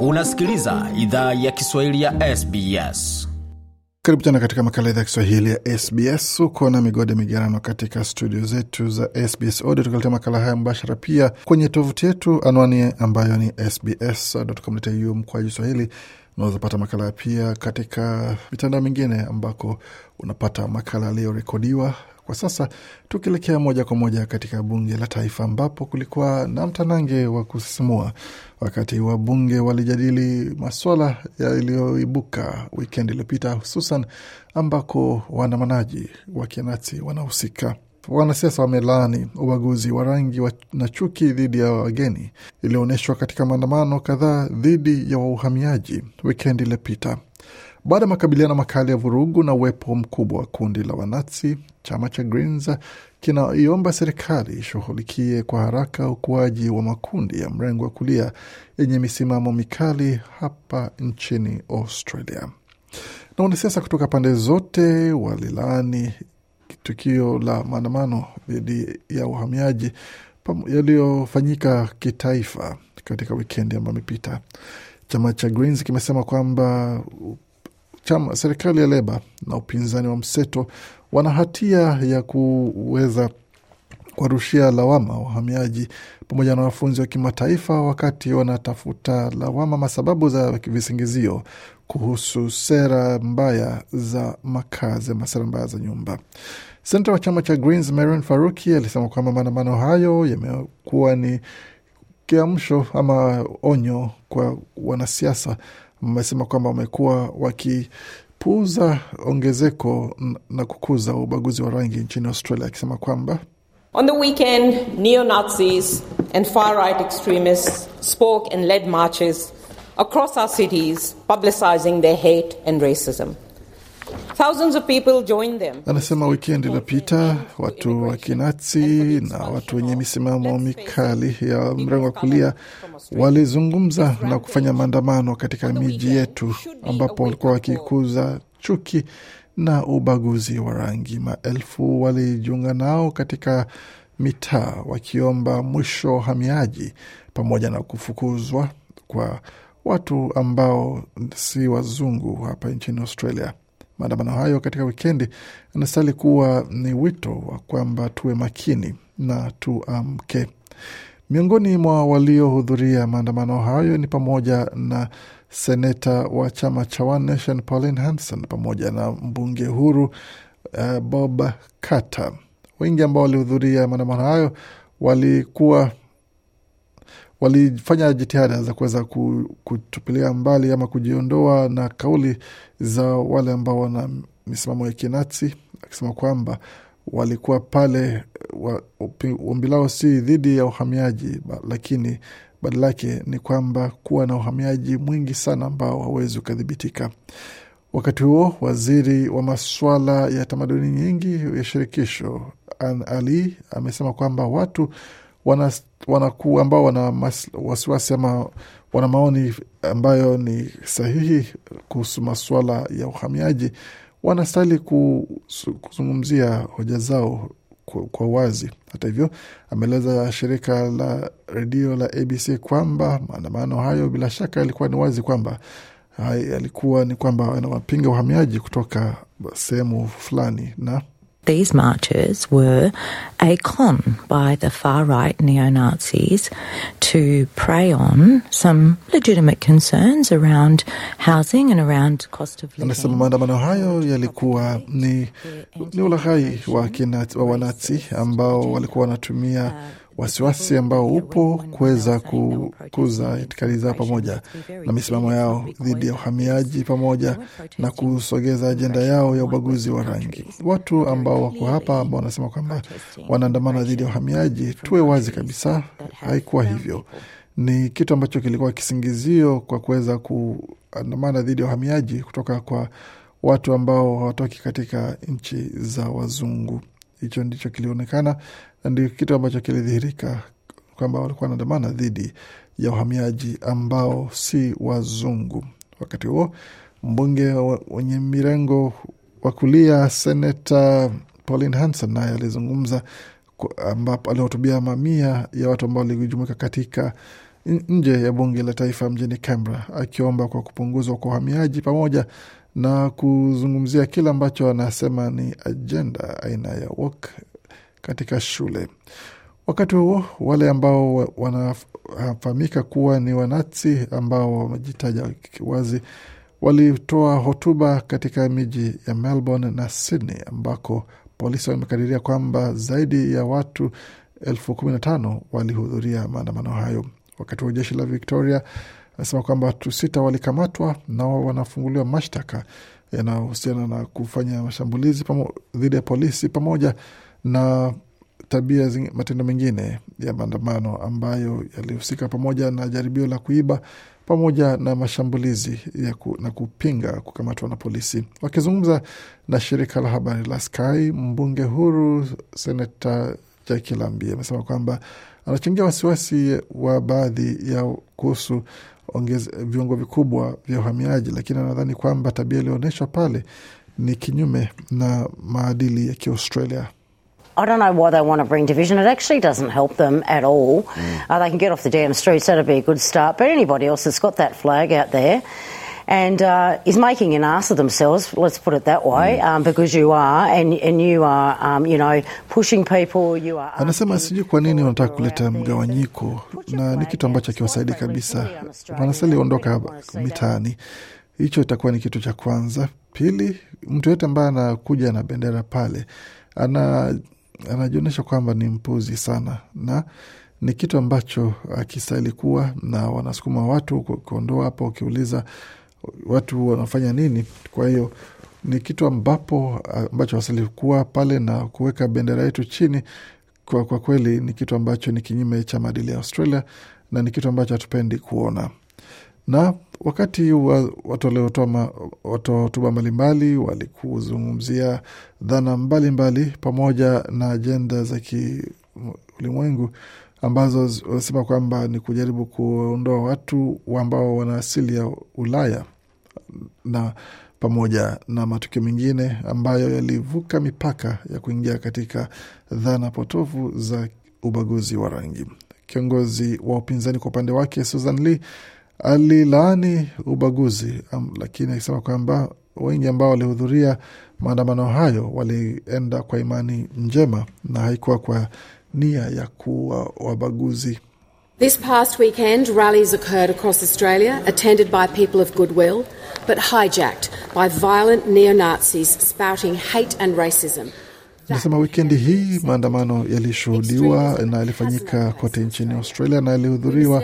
Unasikiliza idhaa ya Kiswahili ya SBS. Karibu tena katika makala idhaa ya Kiswahili ya SBS. Uko na migode migerano katika studio zetu za SBS Audio, tukaletea makala haya mbashara pia kwenye tovuti yetu, anwani ambayo ni sbs.com.au mkwaju swahili. unawezapata makala pia katika mitandao mingine ambako unapata makala aliyorekodiwa kwa sasa tukielekea moja kwa moja katika bunge la taifa ambapo kulikuwa na mtanange wa kusisimua wakati wa bunge walijadili maswala yaliyoibuka wikendi iliyopita, hususan ambako waandamanaji wa kianati wanahusika. Wanasiasa wamelaani ubaguzi wa rangi na chuki dhidi ya wageni iliyoonyeshwa katika maandamano kadhaa dhidi ya wauhamiaji wikendi iliyopita. Baada ya makabiliano makali ya vurugu na uwepo mkubwa wa kundi la Wanazi, chama cha Greens kinaiomba serikali ishughulikie kwa haraka ukuaji wa makundi ya mrengo wa kulia yenye misimamo mikali hapa nchini Australia. Na wanasiasa kutoka pande zote walilaani tukio la maandamano dhidi ya uhamiaji yaliyofanyika kitaifa katika wikendi ambayo imepita. Chama cha Greens kimesema kwamba chama serikali ya Leba na upinzani wa mseto wana hatia ya kuweza kuwarushia lawama wahamiaji pamoja na wanafunzi wa kimataifa wakati wanatafuta lawama masababu za visingizio kuhusu sera mbaya za makazi ama sera mbaya za nyumba. Senata wa chama cha Greens Marian Faruki alisema kwamba maandamano hayo yamekuwa ni kiamsho ama onyo kwa wanasiasa mmesema kwamba wamekuwa wakipuuza ongezeko na kukuza ubaguzi wa rangi nchini Australia, akisema kwamba On the weekend, neo-Nazis and far-right extremists spoke and led marches across our cities publicizing their hate and racism. Anasema wikendi iliyopita watu wa kinazi na watu wenye misimamo mikali ya mrengo wa kulia walizungumza na kufanya maandamano katika miji yetu, ambapo walikuwa wakikuza chuki na ubaguzi wa rangi. Maelfu walijiunga nao katika mitaa wakiomba mwisho wa uhamiaji pamoja na kufukuzwa kwa watu ambao si wazungu hapa nchini Australia. Maandamano hayo katika wikendi anastahili kuwa ni wito wa kwamba tuwe makini na tuamke. Miongoni mwa waliohudhuria maandamano hayo ni pamoja na seneta wa chama cha One Nation Pauline Hanson pamoja na mbunge huru uh, Bob Carter. Wengi ambao walihudhuria maandamano hayo walikuwa walifanya jitihada za kuweza kutupilia mbali ama kujiondoa na kauli za wale ambao wana misimamo ya kinazi, akisema kwamba walikuwa pale ombi lao si dhidi ya uhamiaji, lakini badala yake ni kwamba kuwa na uhamiaji mwingi sana ambao hawezi ukadhibitika. Wakati huo waziri wa masuala ya tamaduni nyingi ya shirikisho An Ali amesema kwamba watu wana, ambao wana wasiwasi ama wana maoni ambayo ni sahihi kuhusu masuala ya uhamiaji wanastahili kuzungumzia hoja zao kwa, wazi. Hata hivyo, ameeleza shirika la redio la ABC kwamba maandamano hayo bila shaka yalikuwa ni wazi kwamba yalikuwa ni kwamba wanawapinga uhamiaji kutoka sehemu fulani na these marches were a con by the far right neo Nazis to prey on some legitimate concerns around housing and around cost of living. Anasema maandamano hayo yalikuwa ni, ni ulaghai wa wanazi ambao walikuwa wanatumia wasiwasi ambao upo kuweza kukuza itikadi zao pamoja na misimamo yao dhidi ya uhamiaji pamoja na kusogeza ajenda yao ya ubaguzi wa rangi. Watu ambao wako hapa ambao wanasema kwamba wanaandamana dhidi ya uhamiaji, tuwe wazi kabisa, haikuwa hivyo. Ni kitu ambacho kilikuwa kisingizio kwa kuweza kuandamana dhidi ya uhamiaji kutoka kwa watu ambao hawatoki katika nchi za wazungu. Hicho ndicho kilionekana na ndio kitu ambacho kilidhihirika kwamba walikuwa wanaandamana dhidi ya uhamiaji ambao si wazungu. Wakati huo mbunge wenye mirengo wa kulia senata Pauline Hanson naye alizungumza, ambapo alihutubia mamia ya watu ambao walijumuika katika nje ya bunge la taifa mjini Canberra, akiomba kwa kupunguzwa kwa uhamiaji pamoja na kuzungumzia kile ambacho anasema ni ajenda aina ya katika shule. Wakati huo wale ambao wanafahamika kuwa ni Wanazi ambao wamejitaja wazi walitoa hotuba katika miji ya Melbourne na Sydney ambako polisi wamekadiria kwamba zaidi ya watu elfu kumi na tano walihudhuria maandamano hayo. Wakati wa jeshi la Victoria anasema kwamba watu sita walikamatwa na wanafunguliwa mashtaka yanayohusiana na kufanya mashambulizi dhidi ya polisi pamoja na tabia matendo mengine ya maandamano ambayo yalihusika pamoja na jaribio la kuiba pamoja na mashambulizi ya ku, na kupinga kukamatwa na polisi. Wakizungumza na shirika la habari la Sky, mbunge huru senata Jaki Lambi amesema kwamba anachangia wasiwasi wa baadhi ya kuhusu viungo vikubwa vya uhamiaji, lakini anadhani kwamba tabia iliyoonyeshwa pale ni kinyume na maadili ya Kiaustralia. I don't know why they want to bring division. It actually doesn't help them at all. Mm. Uh, they can get off the damn streets. That'd be a good start. But anybody else that's got that flag out there and uh, is making an ass of themselves. Let's put it that way, mm. um, because you are and and you are um, you know pushing people. You are. Anasema sijui kwa nini wanataka kuleta mgawanyiko, na ni kitu ambacho akiwasaidi kabisa. Wanasali ondoka mitaani, hicho itakuwa ni kitu cha kwanza. Pili, mtu yoyote ambaye anakuja na bendera pale ana mm anajionyesha kwamba ni mpuzi sana na ni kitu ambacho akistahili kuwa na wanasukuma watu kuondoa hapo, ukiuliza watu wanafanya nini. Kwa hiyo ni kitu ambapo ambacho kuwa pale na kuweka bendera yetu chini, kwa, kwa kweli ni kitu ambacho ni kinyume cha maadili ya Australia na ni kitu ambacho hatupendi kuona na wakati wa, watu waliotoa hotuba mbalimbali walikuzungumzia dhana mbalimbali mbali, pamoja na ajenda za kiulimwengu ambazo wanasema kwamba ni kujaribu kuondoa watu ambao wana asili ya Ulaya na pamoja na matukio mengine ambayo yalivuka mipaka ya kuingia katika dhana potofu za ubaguzi wa rangi. Kiongozi wa upinzani kwa upande wake Susan Lee alilaani ubaguzi um, lakini akisema kwamba wengi ambao walihudhuria maandamano hayo walienda kwa imani njema na haikuwa kwa nia ya kuwa wabaguzi. This past weekend, rallies occurred across Australia, attended by people of goodwill, but hijacked by violent neo-Nazis spouting hate and racism. Nasema wikendi hii maandamano yalishuhudiwa na yalifanyika kote nchini Australia na yalihudhuriwa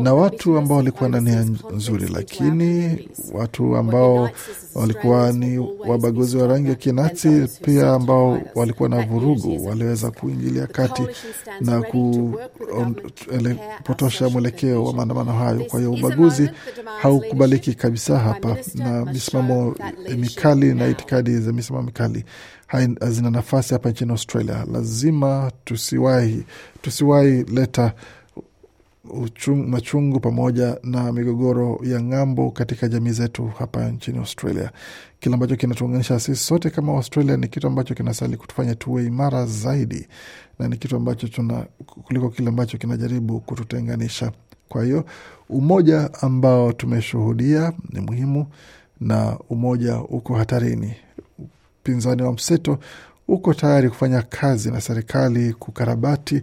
na watu ambao walikuwa na nia nzuri, lakini watu ambao walikuwa ni wabaguzi wa rangi ya kinazi pia ambao walikuwa na vurugu waliweza kuingilia kati na kupotosha mwelekeo wa maandamano hayo. Kwa hiyo ubaguzi haukubaliki kabisa hapa, na misimamo mikali na itikadi za misimamo mikali hazina nafasi hapa nchini Australia. Lazima tusiwahi tusiwahi leta uchungu, machungu pamoja na migogoro ya ng'ambo katika jamii zetu hapa nchini Australia. Kile ambacho kinatuunganisha sisi sote kama Australia ni kitu ambacho kinasali kutufanya tuwe imara zaidi, na ni kitu ambacho tuna kuliko kile ambacho kinajaribu kututenganisha. Kwa hiyo umoja ambao tumeshuhudia ni muhimu, na umoja uko hatarini. Upinzani wa mseto uko tayari kufanya kazi na serikali kukarabati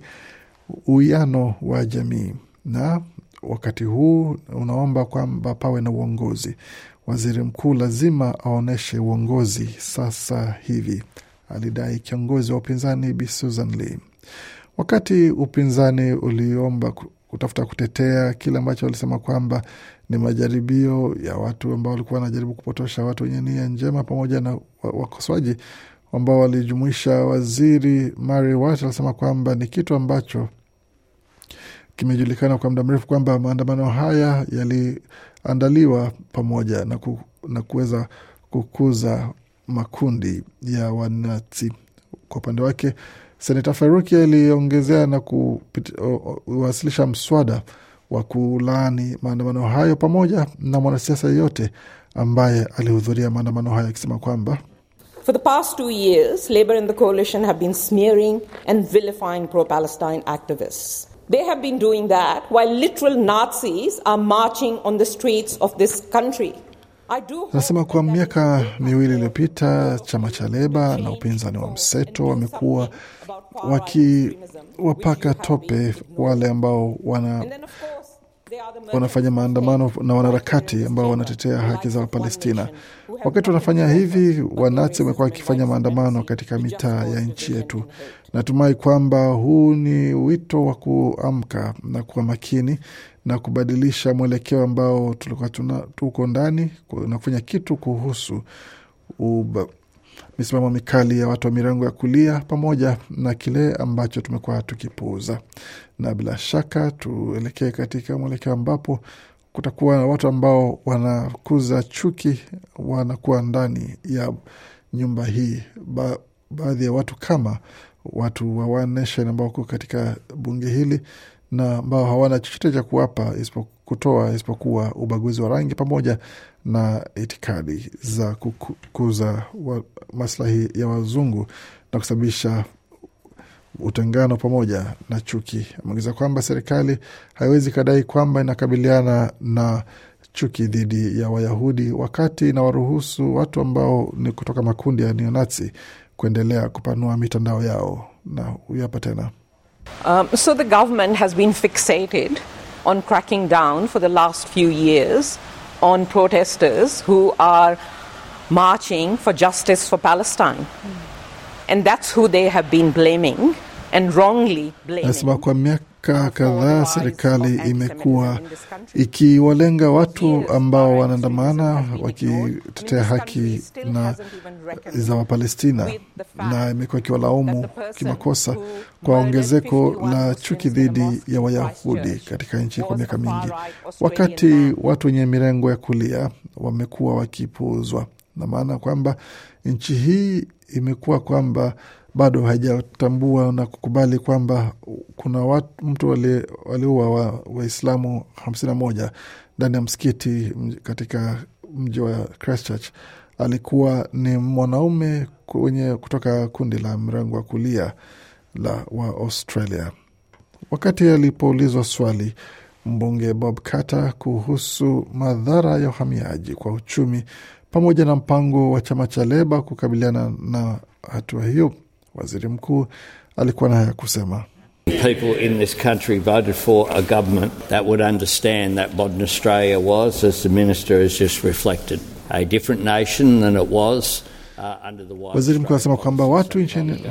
uwiano wa jamii na wakati huu unaomba kwamba pawe na uongozi. Waziri mkuu lazima aonyeshe uongozi sasa hivi, alidai kiongozi wa upinzani Bi Susan Lee, wakati upinzani uliomba kutafuta kutetea kile ambacho walisema kwamba ni majaribio ya watu ambao walikuwa wanajaribu kupotosha watu wenye nia njema, pamoja na wakosoaji ambao walijumuisha waziri Mary Watt, alisema kwamba ni kitu ambacho Kimejulikana kwa muda mrefu kwamba maandamano haya yaliandaliwa pamoja na, ku, na kuweza kukuza makundi ya wanati Kwa upande wake, senata Faruki aliongezea na kuwasilisha mswada wa kulaani maandamano hayo pamoja na mwanasiasa yeyote ambaye alihudhuria maandamano hayo akisema kwamba For the past two years, Labour and the coalition have been smearing and vilifying pro-Palestine activists. They have been doing that while literal Nazis are marching on the streets of this country. Anasema kwa miaka miwili iliyopita chama cha Leba na upinzani wa mseto wamekuwa wakiwapaka tope wale ambao wana wanafanya maandamano na wanaharakati ambao wanatetea haki za Wapalestina. Wakati wanafanya hivi, Wanazi wamekuwa wakifanya maandamano katika mitaa ya nchi yetu. Natumai kwamba huu ni wito wa kuamka na kuwa makini na kubadilisha mwelekeo ambao tulikuwa tuko ndani na kufanya kitu kuhusu uba misimamo mikali ya watu wa mirango ya kulia pamoja na kile ambacho tumekuwa tukipuuza, na bila shaka tuelekee katika mwelekeo ambapo kutakuwa na watu ambao wanakuza chuki, wanakuwa ndani ya nyumba hii ba, baadhi ya watu kama watu wa One Nation ambao wako katika bunge hili na ambao hawana chochote cha kuwapa kutoa isipokuwa ubaguzi wa rangi pamoja na itikadi za kukuza maslahi ya wazungu na kusababisha utengano pamoja na chuki. Ameongeza kwamba serikali haiwezi ikadai kwamba inakabiliana na chuki dhidi ya Wayahudi wakati inawaruhusu watu ambao ni kutoka makundi ya neonazi kuendelea kupanua mitandao yao. Na huyu hapa tena. Um, so the government has been fixated on cracking down for the last few years on protesters who are marching for justice for Palestine. And that's who they have been blaming and wrongly blaming. miaka kadhaa serikali imekuwa ikiwalenga watu ambao wanaandamana wakitetea haki na za Wapalestina na imekuwa ikiwalaumu kimakosa kwa ongezeko la chuki dhidi ya Wayahudi katika nchi kwa miaka mingi, wakati watu wenye mirengo ya kulia wamekuwa wakipuuzwa, na maana kwamba nchi hii imekuwa kwamba bado haijatambua na kukubali kwamba kuna watu, mtu waliua Waislamu hamsini na moja ndani ya msikiti katika mji wa Christchurch. Alikuwa ni mwanaume kwenye kutoka kundi la mrengo wa kulia la wa Australia. Wakati alipoulizwa swali mbunge Bob Carter kuhusu madhara ya uhamiaji kwa uchumi pamoja na mpango wa chama cha Leba kukabiliana na hatua hiyo, Waziri mkuu alikuwa na haya kusema. People in this country voted for a government that would understand that modern Australia was, as the minister has just reflected, a different nation than it was Uh, Waziri mkuu anasema kwamba watu nchini,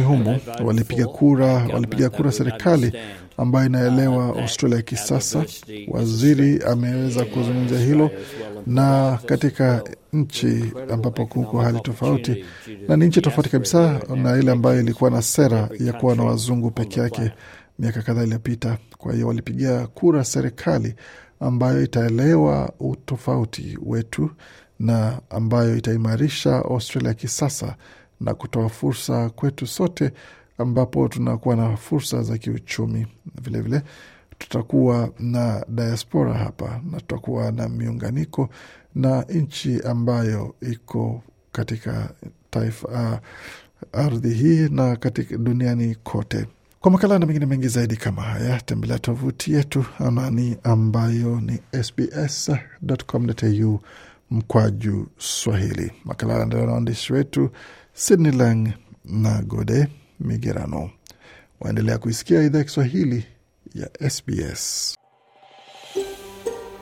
uh, humo walipiga kura, walipiga kura serikali uh, ambayo inaelewa Australia ya kisasa. Waziri ameweza kuzungumzia hilo, na katika nchi ambapo kuko hali tofauti, na ni nchi tofauti kabisa na ile ambayo ilikuwa na sera ya kuwa na wazungu peke yake miaka kadhaa iliyopita. Kwa hiyo walipigia kura serikali ambayo itaelewa utofauti wetu na ambayo itaimarisha Australia kisasa na kutoa fursa kwetu sote, ambapo tunakuwa na fursa za kiuchumi vilevile vile, tutakuwa na diaspora hapa na tutakuwa na miunganiko na nchi ambayo iko katika taifa uh, ardhi hii na katika duniani kote. Kwa makala na mengine mengi zaidi kama haya, tembelea tovuti yetu anani ambayo ni sbs.com.au mkwaju Swahili. Makala yanaendelea na waandishi wetu Sydney Lang na Gode Migerano. Waendelea kuisikia idhaa ya Kiswahili ya SBS.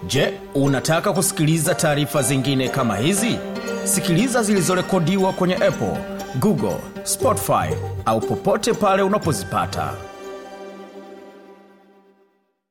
Je, unataka kusikiliza taarifa zingine kama hizi? Sikiliza zilizorekodiwa kwenye Apple, Google, Spotify au popote pale unapozipata.